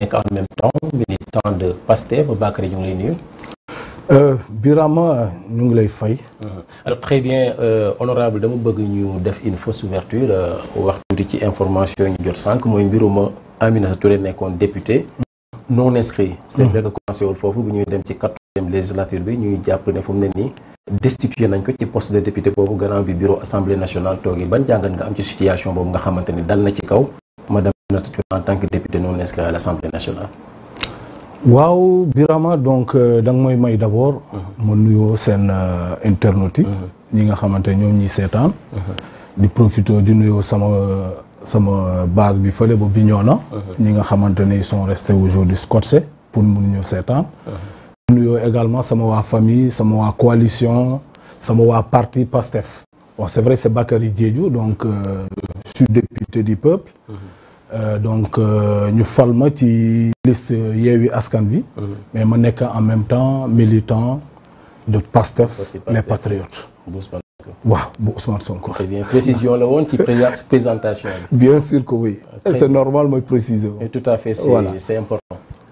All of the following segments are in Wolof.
nekk en même temps militant de Pastef Bakary ñu ngi lay nuyu. Euh, Birama ñu ngi lay fay. Mmh. alors très bien euh, honorable dama bëgg ñu def une fausse ouverture euh, wax tuuti ci information yi jot sànq mooy mbiruma Aminata Touré nekkoon député. non inscrit. c' est mmh. vrai foofu bu ñuy dem ci quatorzième législature bi ñuy jàpp ne fu mu ne nii. destitué nañ ko ci poste de député boobu gannaaw bi bureau assemblée nationale toogee ban jàngat nga am ci situation boobu nga xamante ni dal na ci kaw. en tant que député non inscrit à l'Assemblée nationale. waaw Birama donc euh, da nga mooy may d'abord. Mhm. ma nuyoo seen euh, internautes yi. Mhm. ñi nga xamante ñoom ñi seetaan. Mhm. di profité di nuyoo sama sama base bi fële ba na ñi nga xamante ne ils sont restés aujourd'hui scotchés pour mun ñu seetaan. nuyoo également sama waa fami sama waa coalition sama waa parti PASTEF. waaw c'est vrai c'est Bakary Diédhiou donc je euh, député du peuple. Euh, donc euh, ñu fal ma ci liste Yewwi Askan bi mhm. mais ma nekk en même temps militant de PASTEF les patriotes waaw bu Ousmane Sonko. très bien précision la woon ci présentation bien sûr que oui. Okay. Ah, normal mooy préciser wu. tout à fait c' est,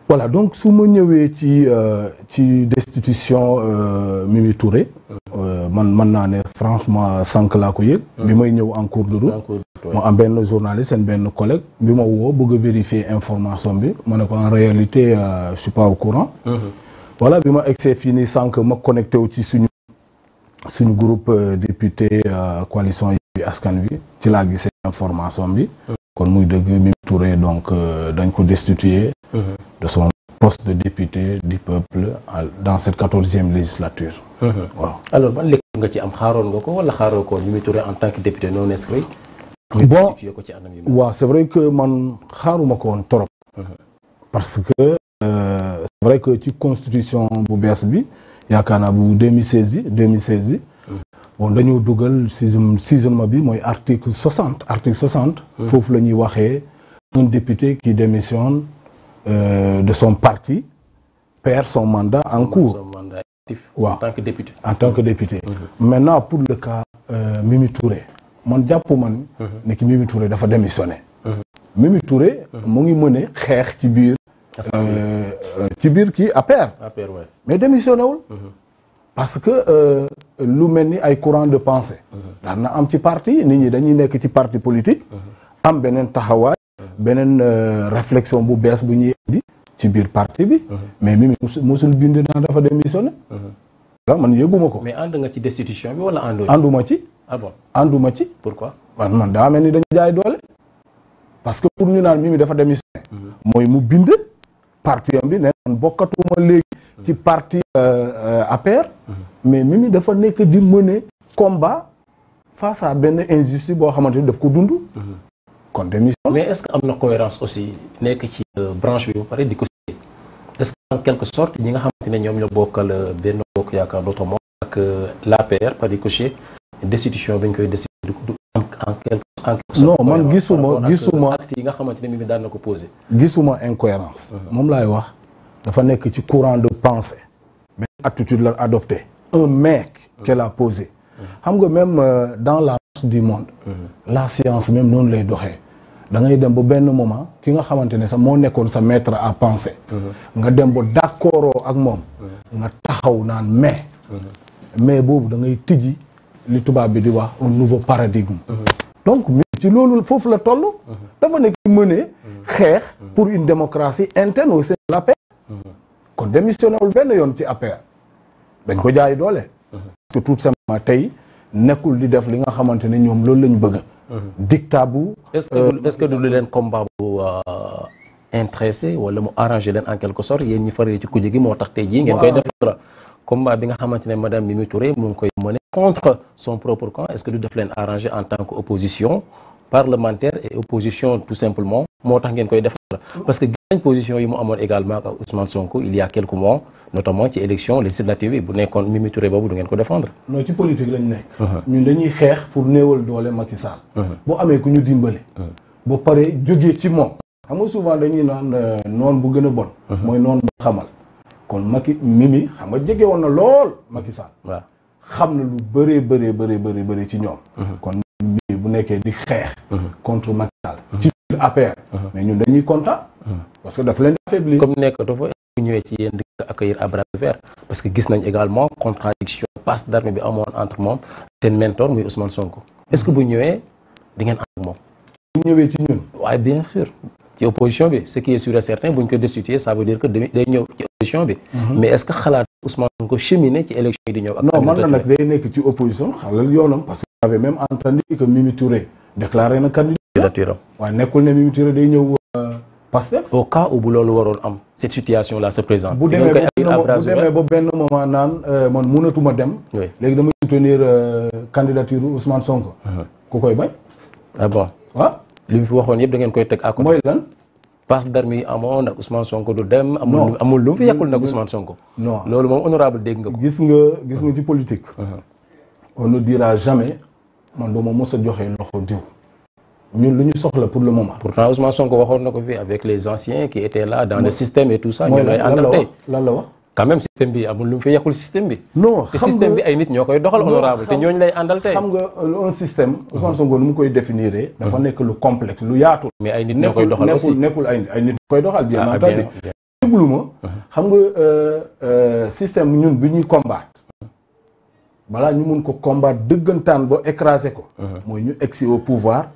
voilà. c' donc su ma ñëwee ci euh, ci destitution euh, Mimi Touré. Mhm. man man naa ne franchement sànq laa ko yëg. bi mhm. may ñëw en cours de route. mu am benn journaliste seen benn collègue bi ma woo bëgg a vérifier information bi ma ne ko en réalité euh, je courant. wala mhm. bi ma egsee fii nii sànq ma connecté wu ci suñu suñu groupe euh, député euh, coalition yi askan wi ci laa gisee information bi. Mhm. kon muy dëgg Mimi Touré donc euh, dañ ko destituer mhm. de son poste de député du peuple dans cette quatorzième législature. waaw alors ban lecture nga ci am xaaroon nga ko wala xaaroo ko en tant que député non inscrit bon waaw c'est vrai que man xaaruma ko woon trop. parce que euh, c'est vrai que ci constitution bu bees bi yaakaar naa bu 2016 bi 2016 bi. bon dañoo dugal saison saisonnement bi mooy article 60 article 60. Hmm. foofu la ñuy waxee un député qui démissionne euh, de son parti perd son mandat en cours. waaw ouais. en tant que député. En tant que député. Mmh. maintenant pour le cas euh, Mimi Touré. man jàpp man ne ki miimi Touré dafa démissionné Mimi Touré mu ngi mëne xeex ci biir euh, ci biir kii APR mais démissionné wul mhm. parce que euh, lu mel ni ay courant de pensée mhm. daan na am ci parti nit ñi dañuy nekk ci parti politique mhm. am beneen taxawaat beneen euh, réflexion bu bees bu ñuy indi ci biir parti bi mais Mimi mosul bind naa dafa démissionné. man yëguma ko mais ànd nga ci destitution bi wala ànduma ci ah bon ànduma ci. pourquoi man man daa mel ni dañu jaay doole. parce que pour ñu naan Mimi dafa démissionné. Mm-hmm. mooy mu bind. parti am bi ne man bokkatuma léegi. ci mm-hmm. parti euh, euh, APR. Mm-hmm. mais Mimi dafa nekk di mener combat face à benn injustice boo xamante ni daf ko dund. kon démission. mais est-ce que am na cohérence aussi nekk ci euh, branche bi ba pare di ko est-ce que en quelque sorte ñi nga xamante ne ñoom ñoo bokkal benn bokk yaakaar dootoo moom ak l'APR par ricochet destitution bi koy destitué du am man gisuma gisuma acte yi nga xamante ne mi daan na ko posé. gisuma incohérence mhm. moom laay wax dafa nekk ci courant de pensée. benn attitude la adopté. un mais qu'elle a posé. Mhm. xam nga même euh, dans la marche du mhm. la science même noonu lay doxee. da ngay dem ba benn moment ki nga xamante ne sax moo nekkoon sa maître à penser. nga dem ba d' ak moom. nga taxaw naan mais. mais boobu da tijji. li tubaab bi di wax un nouveau paradigme donc mi ci loolu foofu la toll dafa nekk mënee xeex pour une démocratie interne au sein de l'APR kon démissionné wul benn yoon ci APR dañ ko jaay doole parce que tout simplement tey nekkul di def li nga xamante ne ñoom loolu la ñu bëgg dictat bu euh, est-ce que du lu leen combat bu euh, intéressé wala mu arrangé leen en quelque sorte yéen ñi faree ci kujje gi moo tax tey jii ngeen koy def combat bi nga xamante ne madame Mimi Touré mu ngi koy mener contre son propre camp est-ce que du def leen arranger en tant que opposition parlementaire et opposition tout simplement moo tax ngeen koy defar parce que gis position yi mu amoon également ak Ousmane Sonko il y a quelques mois ci élection législative yi bu nekkoon Mimi Touré boobu du ngeen ko défendre non ci politique lañ nekk uh-huh. ñun dañuy xeex pour néewal doole Macky uh-huh. uh-huh. ci moom xam nga kon Macky Mimi xam nga jege woon na lool Macky Sall. waaw xam na lu bëree bëree bëree bëri bëri ci ñoom. Mhm. kon Mimi bu nekkee di xeex. Mhm. contre Macky Sall. Mhm. ci biir APR. mais ñun dañuy kontaan. parce que dafa leen di affaibli. comme nekkatoo fa bu ñëwee ci yéen di ko parce que gis nañ également contradiction passe d'armes bi amoon entre moom seen mentor muy Ousmane Sonko est-ce que bu ñëwee di ngeen ànd moom. bu ñëwee ci ñun. waaye bien sûr. ci opposition bi ce qui est sûr et certain bu ñu ko destituer ça veut dire que day ñëw ci opposition bi. Mhm. mais est-ce que xalaat Ousmane ko cheminer ci élection yi di ñëw. ak non man la nag day nekk ci opposition xalal yoonam parce que vous avez même entendu que Mimi Touré na candidature. waaye nekkul ne Mimi day ñëw. Euh, Pastef au cas où loolu waroon am cette situation là se présente. bu demee ba benn moment naan euh, man dem. léegi dama soutenir euh, candidature li mu fi waxoon yëpp da ngeen koy teg à côté. mooy lan. passe d'armes yi amoon ak Ousmane Sonko du dem. amul amul lu mu fi yàqul nag Ousmane Sonko. loolu moom honorable dégg nga ko. gis nga gis nga ci politique. Uh-huh. on ne dira jamais man doo ma mos a joxe loxo diw. ñun lu ñu soxla pour le moment. pourtant Ousmane Sonko waxoon na ko fii avec les anciens qui étaient là dans le système et tout ça. ñoom ñooy àndal tey lan la wax. quand même bi amul lu mu fi yàqul système bi. non xam nga système bi ay nit ñoo koy doxal. honorable te ñooñu lay àndal tey. xam nga euh, un système. Ousmane Sonko nu mu koy définir. dafa hmm. nekk lu complexe lu yaatu. mais ay nit ñoo koy doxal aussi nekkul ay ay nit. koy doxal bien ah, entendu déglu ma. Hmm. xam nga euh, euh, système ñun bi ñuy combattre. Hmm. balaa ñu mun ko combattre dëggantaan ba écraser ko. mooy ñu egg si au pouvoir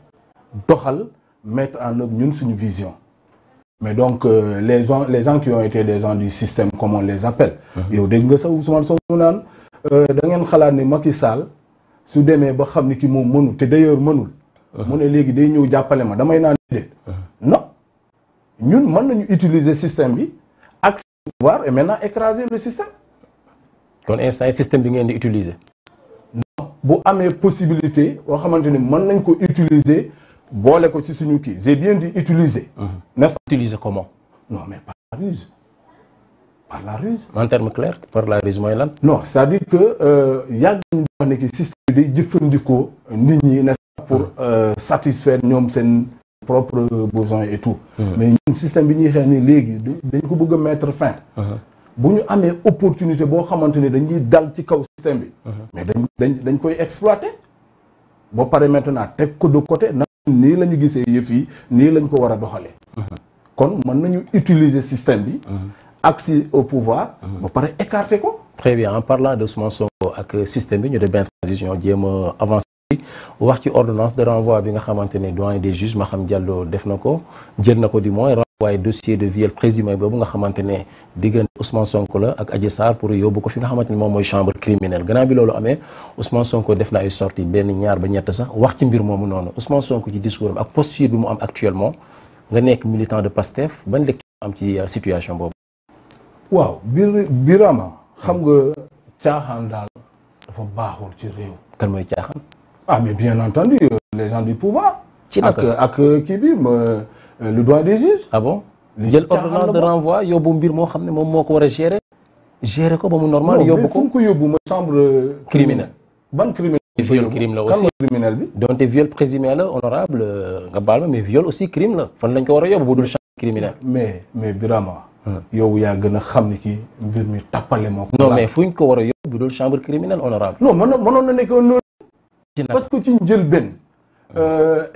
doxal mettre en œuvre ñun suñu vision. mais donc euh, les gens les gens qui ont été des gens du système comme on les appelle. Mhm. yow dégg nga sax Ousmane Sonko naan euh, da ngeen xalaat ni ma ki Sall su demee ba xam ni ki moom mënul te d'ailleurs mënul. Mhm. mu ne léegi day ñëw jàppale ma damay naan déet. Mhm. non ñun mën nañu utiliser système bi ak pouvoir et maintenant écraser le système. kon instant bi ngeen di utiliser. non bu amee possibilité boo xamante ni mën nañ ko utiliser. boole ko ci suñu kii j'ai bien di utiliser. Mhm. n'est-ce pas utiliser comment. non mais par la ruse. par la ruse. en termes clairs par la ruse mooy lan. non c'est-à-dire que yàgg nañu wax ne que nit ñi n'est-ce pas pour mhm. euh, satisfaire ñoom seen propre besoin et tout. Mhm. mais ñun système bi ñuy xeex ni léegi dañ ko bëgg a fin. bu ñu amee opportunité boo xamante ne dañuy dal ci kaw système bi. mais dañ dañ koy exploiter. boo paree maintenant teg ko de nii la ñu gisee yëf yi nii lañ ko war a doxalee mhm. kon mën nañu utiliser système bi mhm. accès au pouvoir mhm. ba pare écarter ko très bien en parlant de Ousmane ak système bi ñu def benn transition jéem a avancer wax ci ordonnance de renvoi bi nga xamante ne doyen des ma xam Diallo def na ko jël na ko di moins waaye dossier de viol présumé boobu nga xamante ne diggante Ousmane Sonko la ak Adji Sarr pour yóbbu ko fi nga xamante ne moom mooy chambre criminelle gannaaw bi loolu amee Ousmane Sonko def na ay sorties benn ñaar ba ñett sax wax ci mbir moomu noonu Ousmane Sonko ci discours am ak posture bi mu am actuellement nga nekk militant de Pastef ban lecture am ci euh, situation boobu. waaw bi Birama xam nga caaxaan daal dafa baaxul ci réew. kan mooy caaxaan. ah mais bien entendu euh, les gens du pouvoir. ci naka ak ak kii bi Euh, le doigt des juges. ah bon jël ordonnance de renvoi yóbbu mbir moo xam ne moom moo ko war a gérer. gérer ko ba mu normal yobbu ko ko yóbbu ma chambre euh, criminelle ban criminel. viol crime la aussi criminel bi. donte viol présumé la honorable euh, nga baal ma mais viol aussi crime la fan lañ ko war a yóbbu bu dul chambre criminelle. mais mais Birama. Hmm. yow yaa gën a xam ni ki mbir mi tappale moo ko. non mais ñu ko war a yóbbu bu dul chambre criminelle honorable. non mënoon mënoon na nekk noonu. parce que ci njëlbeen.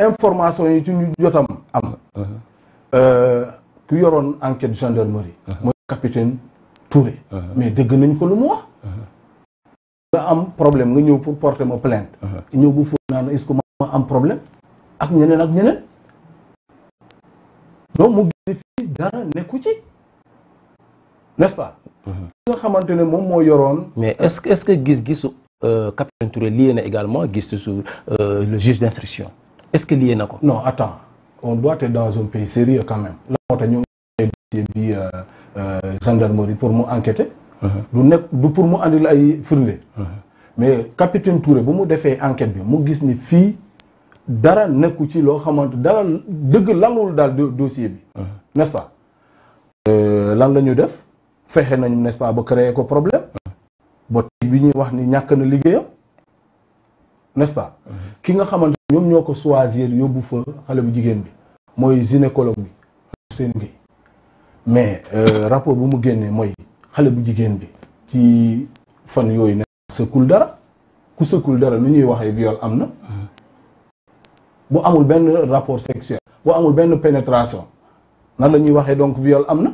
information yi ci ñu jotam. am euh, ku yoroon enquête gendarmerie uh-huh. mooy capitaine Touré uh-huh. mais dégg nañ ko lu mu wax uh-huh. nga am problème nga ñëw pour porter ma plainte ñëw bu foofu naan est-ce am problème ak ñeneen ak ñeneen donc mu gis fii dara nekku ci n'est-ce pas nga xamante ne moom moo yoroon mais est-ce que est-ce que gis-gisu euh, capitaine Touré lié na également gis-gisu euh, le juge d'instruction est-ce que lié na ko non attends on doit être dans un pays sérieux quand même la moo tax ñu ngi dossier bi euh, euh, gendarmerie pour mu enquêter uh-huh. du nekk du pour mu andil ay firnde uh-huh. mais capitaine Touré bu mu defee enquête bi mu gis ni fii dara nekku ci loo xamante dara dëgg lalul daal dossier bi uh-huh. n'est-ce pas euh, lan la ñu def fexe nañu nest pas ba créer ko problème ba tey bi ñuy wax ni ñàkk na liggéeyam nest pas ki nga xamante ñoom ñoo ko choisir yóbbu fa xale bu jigéen bi mooy gynécologue bi seen Gueye mais euh, rapport bu mu génnee mooy xale bu jigéen bi ci fan yooyu ne sëkkul dara ku sëkkul dara lu ñuy waxee viol am na bu amul benn rapport sexuel bu amul benn pénétration nan la ñuy waxee donc viol am na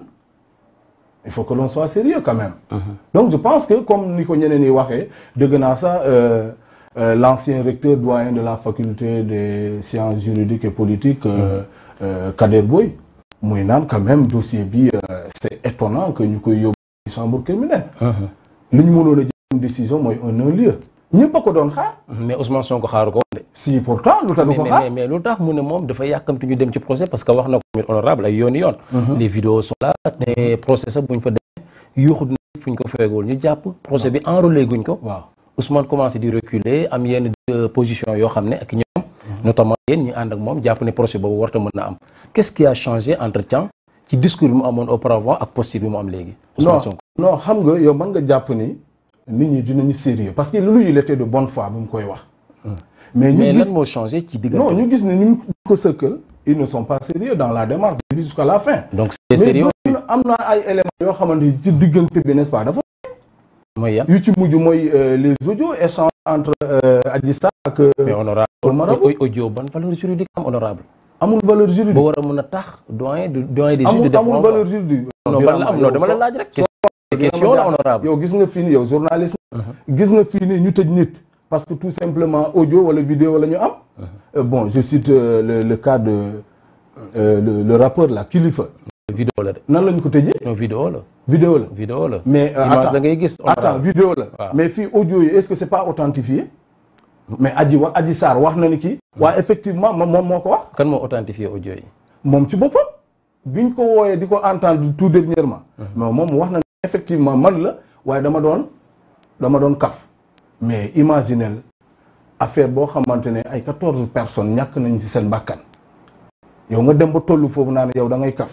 il faut que l'on soit sérieux quand même uh-huh. donc je pense que comme ni ko ñeneen yi waxee dëgg naa sax euh, Euh, l'ancien recteur doyen de la faculté des sciences juridiques et politiques euh, mm. euh, Kader Boy muy naan quand même dossier bi euh, c'est ñu koy yóbbu chambre criminelle uh-huh. li ñu mënoon a jël décision mooy en un lieu ñëpp a ko doon xaar mais Ousmane Sonko ko de si pourtant lu tax du ko xaar mais ñu dem ci procès parce que wax na ko tamit honorable ay yooni yoon mm-hmm. les vidéos sont là te procès sax buñ fa demee yuuxu dina fuñ ko feegul ñu jàpp procès bi enrôlé guñ ko waaw Ousmane commencé di reculer am yenn euh, position yoo xam ne ak ñoom mhm. notamment yéen ñu ànd ak moom jàpp ne projet boobu warta mën na am qu'est-ce qui a changé entre temps ci discours bi mu amoon auparavant ak posture bi mu am léegi Ousmane xam nga yow man nga jàpp ni nit ñi dinañu sérieux parce que loolu il était de bonne foi bi mu koy wax hmm. mais ñu lan moo changé ci diggante non ñu gis ne ñu ko sëkkal ils ne sont pas sérieux dans la démarche jusqu'à la fin donc yoo xamante ci diggante bi nest mooy yan yu ci mujj mooy euh, les audios échange entre euh, Adji Sarr ak. Euh, mais honorable amul valeur juridique ba war a mën a tax doyen du doyen des juges. amul valeur juridique non am non dama la laaj rek. question la honorable yow gis nga fii nii yow journaliste. Mhm. gis nga fii ñu tëj nit. parce que tout simplement audio wala vidéo la ñu am. Mhm. bon je cite le le cas de le rappeur la Kilifeu. vidéo la de. nan lañ ko tëjee. non vidéo la. vidéo la la. mais euh, image da ngay gis. attends vidéo la mais fii audio yi est-ce que c'est pas authentifié. mais aji wax Adji Sarr wax na ni kii. waa effectivement moom moom moo ko wax. kan moo authentifié audio yi. moom ci boppam. biñ ko wooyee di ko entendre tout dernièrement. Mm-hmm. mais moom wax na ne effectivement man la waaye dama doon dama doon kaf. mais imaginel affaire boo xamante ne ay quatorze personnes ñàkk nañ ci seen bàkkan yow nga dem ba tollu foofu naa ne yow da ngay kaf.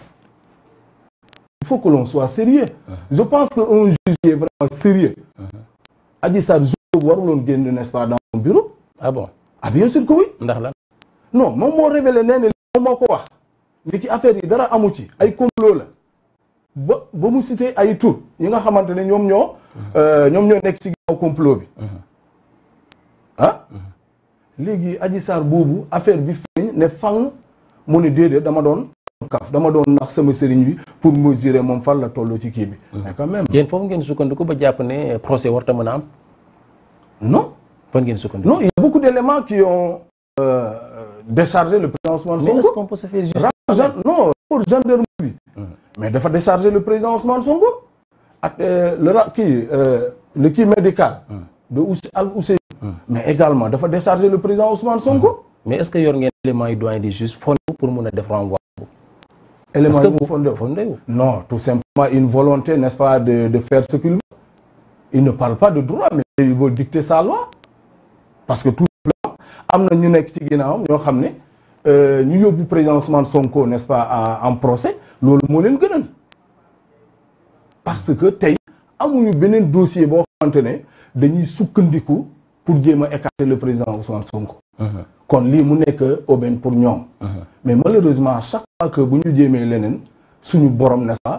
faut que l'on soit sérieux uh-huh. je pense que un juge qui est vraiment sérieux uh-huh. Adji Sarr jour boobu waruloon génn n'est-ce pas bureau ah bon ah bien sûr que ndax la non moom moo révélé nee na moom moo ko wax ni ci affaire yi dara amu ci ay complot la ba ba mu cité ay tur yi nga xamante ne ñoom ñoo uh-huh. euh, ñoom ñoo nekk ci ginnaaw complot bi ah? léegi Adji Sarr boobu affaire bi feeñ ne fang mu ne déedéet dama doon kaaf dama doon nax sama sëriñ bi pour mesurer moom fan la tolloo ci kii bi. Mm. mais quand même. yéen foofu ngeen sukkandiku ba jàpp ne procès warta mën a am. non. fan ngeen sukkandiku. non il y a beaucoup d'éléments qui ont euh, le président Ousmane Sonko. mais est-ce qu'on peut pour gendarmerie bi. Mm. mais dafa décharger le président Ousmane Sonko. ak euh, le ra kii euh, le kii médical. Mm. de Ousse Al Ousseynou. mais également dafa décharger le président Ousmane Sonko. mais est-ce que yor ngeen éléments yu doyen des juges fond pour mun a def renvoi élément que vous fondez, fondez vous Non, tout simplement une volonté, n'est-ce pas, de, de faire ce qu'il veut. Il ne parle pas de droit, mais il veut dicter sa Parce que tout simplement, am na ñu nekk ci ginnaawam ñoo xam ne euh, ñu yóbbu président Ousmane Sonko n'est-ce pas en procès loolu moo leen gënal parce que tey amuñu beneen dossier boo xamante ne dañuy sukkandiku pour jéem a écarter le président Ousmane Sonko. Uh-huh. kon lii mu nekk aubaine pour ñoom uh-huh. mais malheureusement chaque fois bu ñu jéemee leneen suñu borom ne sax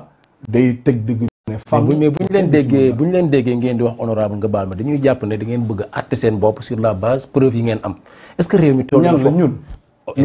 day teg dëgg ne femme mais bu ñu leen déggee bu ñu leen déggee ngeen di wax honorable nga baal ma dañuy jàpp ne da ngeen bëgg a àtte seen bopp sur la base preuve yi ngeen am est-ce que réew mi toll ñun oh,